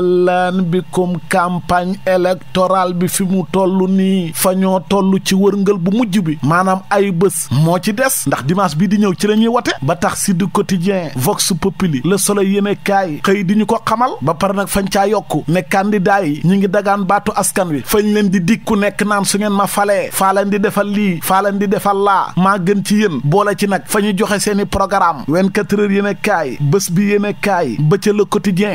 yàllaan bi comme campagne électorale bi fi mu toll nii fa ñoo toll ci wërngal bu mujj bi maanaam ay bés moo ci des ndax dimanche bii di ñëw ci la ñuy wote ba tax si du quotidien vox populi le soleil yéene kaay xëy di ñu ko xamal ba pare nag fañ caa yokku ne candidat yi ñu ngi dagaan baatu askan wi fañ leen di dikku nekk naan su ngeen ma falee faa leen di defal lii faa leen di defal laa maa gën ci yéen boole ci nag fañu ñu joxe seeni programme 24 heures yéene kaay bés bi yéene kaay ba ca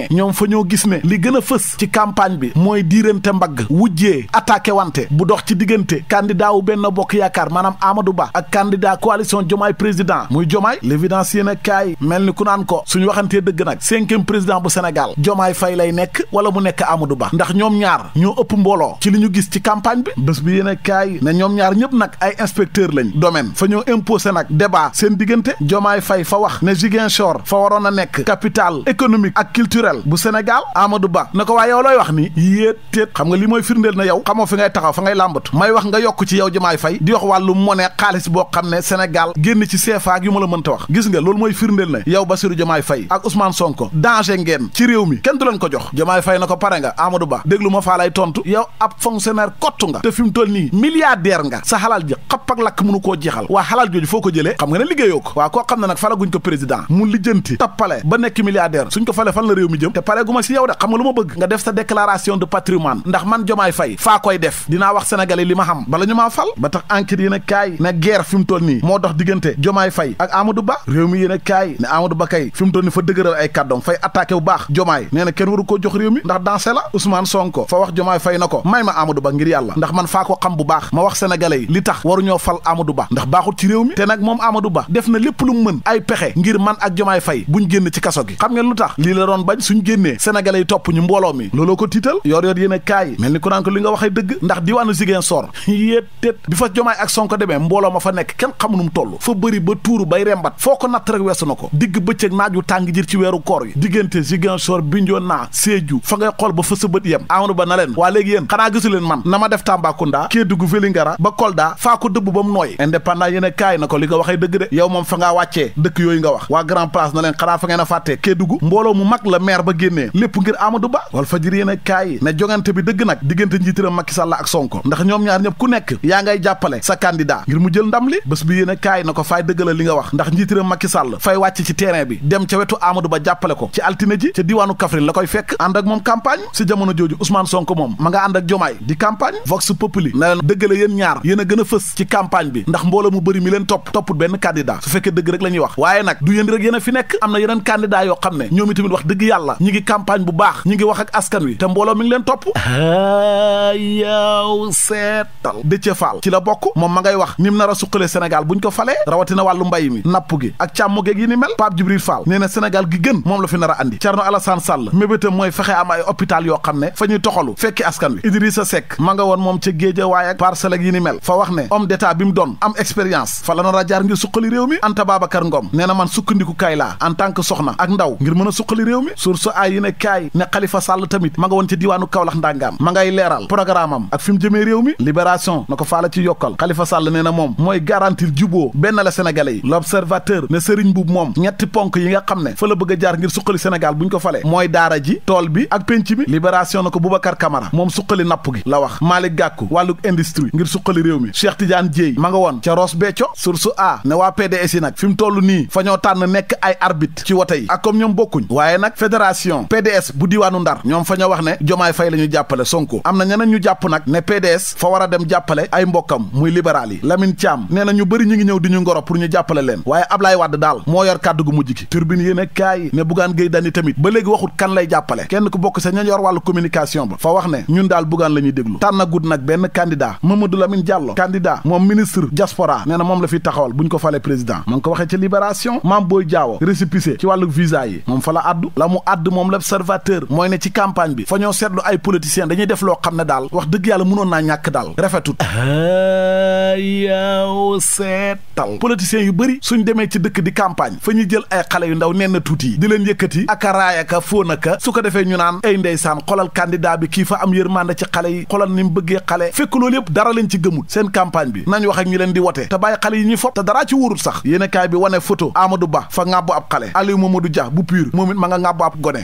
ñoom fa ñoo gis ne li gën a fës ci campagne bi mooy diirante mbagg wujjee attaqué wante bu dox ci diggante candidat wu benn bokk yaakaar maanaam Amadou Ba ak candidat coalition Diomaye président muy Diomaye l'évidence yéen a kaay mel ni ku naan ko suñu waxantee dëgg nag cinquième président bu Sénégal jomaay fay lay nekk wala mu nekk Amadou Ba ndax ñoom ñaar ñoo ëpp mbooloo ci li ñu gis ci campagne bi bés bi yéen a kaay ne ñoom ñaar ñëpp nag ay inspecteur lañ domaine fa ñoo imposé nag débat seen diggante Diomaye Faye fa wax ne Ziguinchor fa waroon a nekk capitale économique ak culturelle bu Sénégal Amadou Ba ne ko waaye yow looy wax nii yéet téet xam nga li mooy firndeel na yow xamoo fi ngay taxaw fa ngay làmbatu may wax nga yokk ci yow jamaay fay di wax wàllu monnaie xaalis boo xam ne Sénégal génn ci CFA yu ma la mënta wax gis nga loolu mooy firndeel na yow Bassirou Jamaay Fay ak Ousmane Sonko danger ngeen ci réew mi kenn du leen ko jox Jamaay Fay na ko pare nga Amadou Ba déglu ma faa tontu yow ab fonctionnaire kottu nga te fi nii milliardaire lu ma bëgg nga def sa déclaration de patrimoine ndax man jomaay fay faa koy def dinaa wax sénégalais li ma xam bala ñu maa fal ba tax enquête yéen a kaay na guerre fi mu toll nii moo dox diggante jomaay fay ak amadou ba réew mi yéen a kaay ne amadou ba kay fi mu toll nii fa dëgëral ay kàddoom fay attaqué bu baax jomaay nee na kenn waru ko jox réew mi ndax dansé la ousmane sonko fa wax jomaay fay na ko may ma amadou ba ngir yàlla ndax man faa ko xam bu baax ma wax sénégalais yi li tax waruñoo fal amadou ba ndax baaxul ci réew mi te nag moom amadou ba def na lépp lu mën ay pexe ngir man ak jomaay fay buñ génn ci kaso gi xam ngeen lu tax lii la doon bañ suñ topp ñu mbooloo mi looloo ko tiital yor yor yéen a kaay mel ni ku naan ko li nga waxee dëgg ndax diwaanu Ziguinchor yéetéet bi fa jomaay ak Sonko demee mbooloo ma fa nekk kenn xamu nu mu toll fa bëri ba tuuru bay rembat foo ko natt rek weesu na ko digg bëccëg naaj wu tàng jër ci weeru koor yi diggante Ziguinchor Bignona Sédhiou fa ngay xool ba fa sa yem Amadou Ba na leen waa léegi yéen xanaa gisu leen man na ma def Tambacounda Kédougou Vélingara ba Kolda faa ko dëbb ba mu nooy indépendant yéen a kaay na ko li nga waxee dëgg de yow moom fa ngaa wàccee dëkk yooyu nga wax waa Grand na leen xanaa fa ngeen mu mag la maire ba Amadou Ba wal fajiri yéen a kaay ne jongante bi dëgg nag diggante njiitiram Macky Sall ak Sonko ndax ñoom ñaar ñëpp ku nekk yaa ngay jàppale sa candidat ngir mu jël ndam li bés bi yéen a kaay na ko faay dëggal li nga wax ndax njiitiram Macky Sall fay wàcc ci terrain bi dem ca wetu Amadou Ba jàppale ko ci altine ji ca diwaanu Kaffrine la koy fekk ànd ak moom campagne si jamono jooju Ousmane Sonko moom ma nga ànd ak Jomaay di campagne Vox Populi na leen dëggale a gën a fës am ne ñoom itamit wax dëgg yàlla ñi ngi campagne bu baax baax ngi wax ak askan wi te mbooloo mi ngi leen topp yaw seetal Déthié Fall ci la bokk moom ma ngay wax ni mu nar a suqalee Sénégal buñ ko falee rawatina wàllu mbay mi napp gi ak càmm geeg yi ni mel Pape Djibril Fall nee na Sénégal gi gën moom la fi nar a andi Thierno Alassane Sall mébétam mooy fexe am ay hôpital yoo xam ne fa ñuy toxalu fekki askan wi Idrissa Seck ma nga woon moom ca Guédiawaye ak Parcelles yi ni mel fa wax ne om d'état bi mu doon am expérience fa la nar a jaar ngir suqali réew mi Anta Babacar Ngom nee na man sukkandiku kaay laa en tant que soxna ak ndaw ngir mi ne Khalifa Sall tamit ma nga woon ca diwaanu Kaolack ndàngaam ma ngay leeral programme am ak fi mu jëmee réew mi libération na ko faala ci yokkal Khalifa Sall nee na moom mooy garantir juboo benn la sénégalais yi l'observateur ne Serigne Mboup moom ñetti ponk yi nga xam ne fa la bëgg a jaar ngir suqali Sénégal bu ñu ko falee mooy daara ji tool bi ak pénc bi libération na ko Boubacar Camara moom suqali napp gi la wax Malick Gakou wàlluk industrie ngir suqali réew mi Cheikh Tidiane Dièye ma nga woon ca Ross Béthio source a ne waa nag fi mu toll nii fa ñoo tànn nekk ay arbitre ci wote yi comme ñoom bokkuñ diwaanu ndar ñoom fa ñoo wax ne jomaay fay la jàppale sonko am na ñeneen ñu jàpp nag ne pds fa war a dem jàppale ay mbokkam muy libéral yi Lamine Thiam nee na ñu bari ñu ngi ñëw di ñu ngoro pour ñu jàppale leen waaye Ablaye Wade daal moo yor kàddu gu mujj ki turbine yéen kaay ne Bougane Gueye Dany tamit ba léegi waxut kan lay jàppale kenn ku bokk sa ña yor wàllu communication ba fa wax ne ñun daal Bougane la ñuy déglu tànnagut nag benn candidat moom ministre diaspora nee na moom taxawal buñ ko falee président ma ngi ko waxee ci libération Mame Boye yi moom la addu mooy ne ci campagne bi fa ñoo seetlu ay politiciens dañuy def loo xam ne daal wax dëgg yàlla mënoon naa ñàkk daal rafetut yaaw seetal politiciens yu bëri suñ demee ci dëkk di campagne fa ñuy jël ay xale yu ndaw nen na tuuti yi di leen yëkkati aka raayaka fóon aka su ko defee ñu naan ay ndeysaan xolal candidat bi kii fa am yërmande ci xale yi xolal ni mu bëggee xale fekk loolu yëpp dara leen ci gëmut seen campagne bi nañ wax ak ñu leen di wote te bàyyi xale yi ñuy fopp te daraa ci wóorut sax yéene kaay bi wane photo Amadou Ba fa ŋàbbu ab xale Aliou Mamadou Dia bu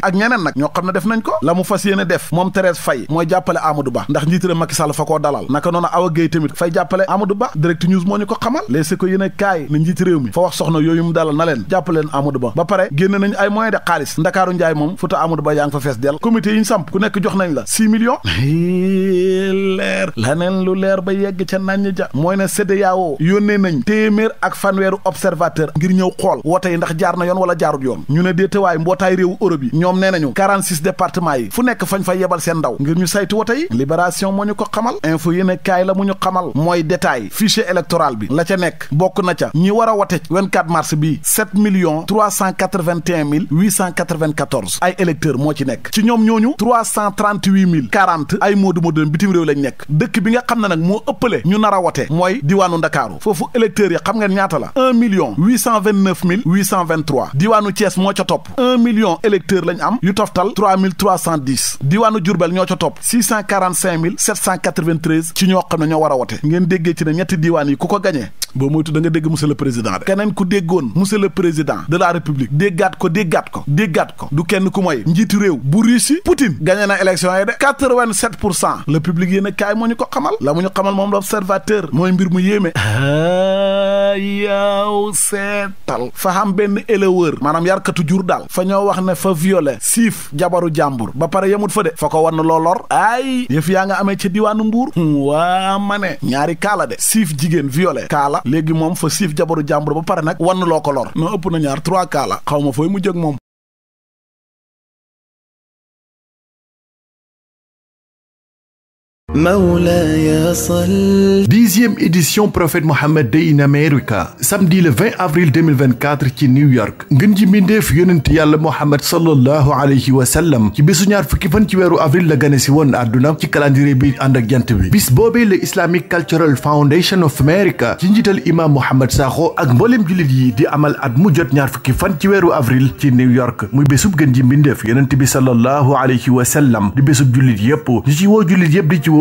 ak ñeneen nag ñoo ne def nañ ko la mu fas yéene def moom Thérèse Faye mooy jàppale Amadou Ba ndax njiitëram Macky Sall fa koo dalal naka noonu Awa Gueye tamit fay jàppale Amadou Ba direct news moo ñu ko xamal les si ko yéen kaay ne njiiti fa wax soxna yooyu dalal na leen jàppaleen Amadou Ba ba pare génne nañu ay moyens de xaalis Ndakaaru Njaay moom futa Amadou Ba yaa ngi fa fees del comité yi ñu samp ku nekk jox nañ la six millions leer laneen lu leer ba yegg ca nañ ja mooy ne ñu ne déetewaay mbootaay réewu dix yi fu nekk fañ fa yebal seen ndaw ngir ñu saytu wote yi libération moo ñu ko xamal info yéen kaay la mu ñu xamal mooy détail fichier électoral bi la ca nekk bokk na ca ñi war a wote 24 mars bi sept millions trois cent quatre-vingt-un mille huit ay électeurs moo ci nekk ci ñoom ñooñu trois cent trente moo mille quarante ay bitim réew lañ nekk dëkk bi nga xam ne nag moo ëppale ñu nar wote mooy diwaanu Ndakaaru foofu électeurs yi xam ngeen ñaata la un million huit cent vingt-neuf mille huit cent vingt-trois diwaanu Thiès moo ca topp un million électeurs lañ am yu toftal 3310 diwaanu Diourbel ñoo ca topp 645 793 ci ñoo xam ne ñoo war a wote ngeen déggee ci ne ñetti diiwaan yi ku ko gañee boo moytu da dégg monsieur le président de keneen ku déggoon monsieur le président de la république déggaat ko déggaat ko déggaat ko du kenn ku mooy njiitu réew bu Russie Poutine gagné na élection yi de 87 pour cent a kaay moo ñu ko xamal la mu ñu xamal moom l'observateur mooy mbir mu yéeme yaaw seetal fa xam benn éleveur maanaam yarkatu jur daal jabaru jàmbur ba pare yemut fa de fa ko war na loo lor ay yëf yaa nga amee ca diwaanu mbuur hmm, waa ma ñaari kaala de siif jigéen violé kaala léegi moom fa siif jabaru jàmbur ba pare nag wann loo ko lor noo ëpp na ñaar trois kaala xaw ma fooy mu jëg moom Mawlaya Sall. dixième édition prophète Mohammed Day in America samedi le 20 avril 2024 ci New York ngën ji mbindeef yonent yàlla Mohammed sallallahu alayhi wa sallam ci bésu ñaar fukki fan ci weeru avril la gane si woon àdduna ci calendrier bi ànd ak jant bi bis boobee le Islamic Cultural Foundation of America ci njiital imaam Mohammed Sakho ak mbooleem jullit yi di amal at mu jot ñaar fukki fan ci weeru avril ci New York muy bésub gën ji mbindeef yonent bi sallallahu alayhi wa sallam di ci woo jullit yépp di ci woo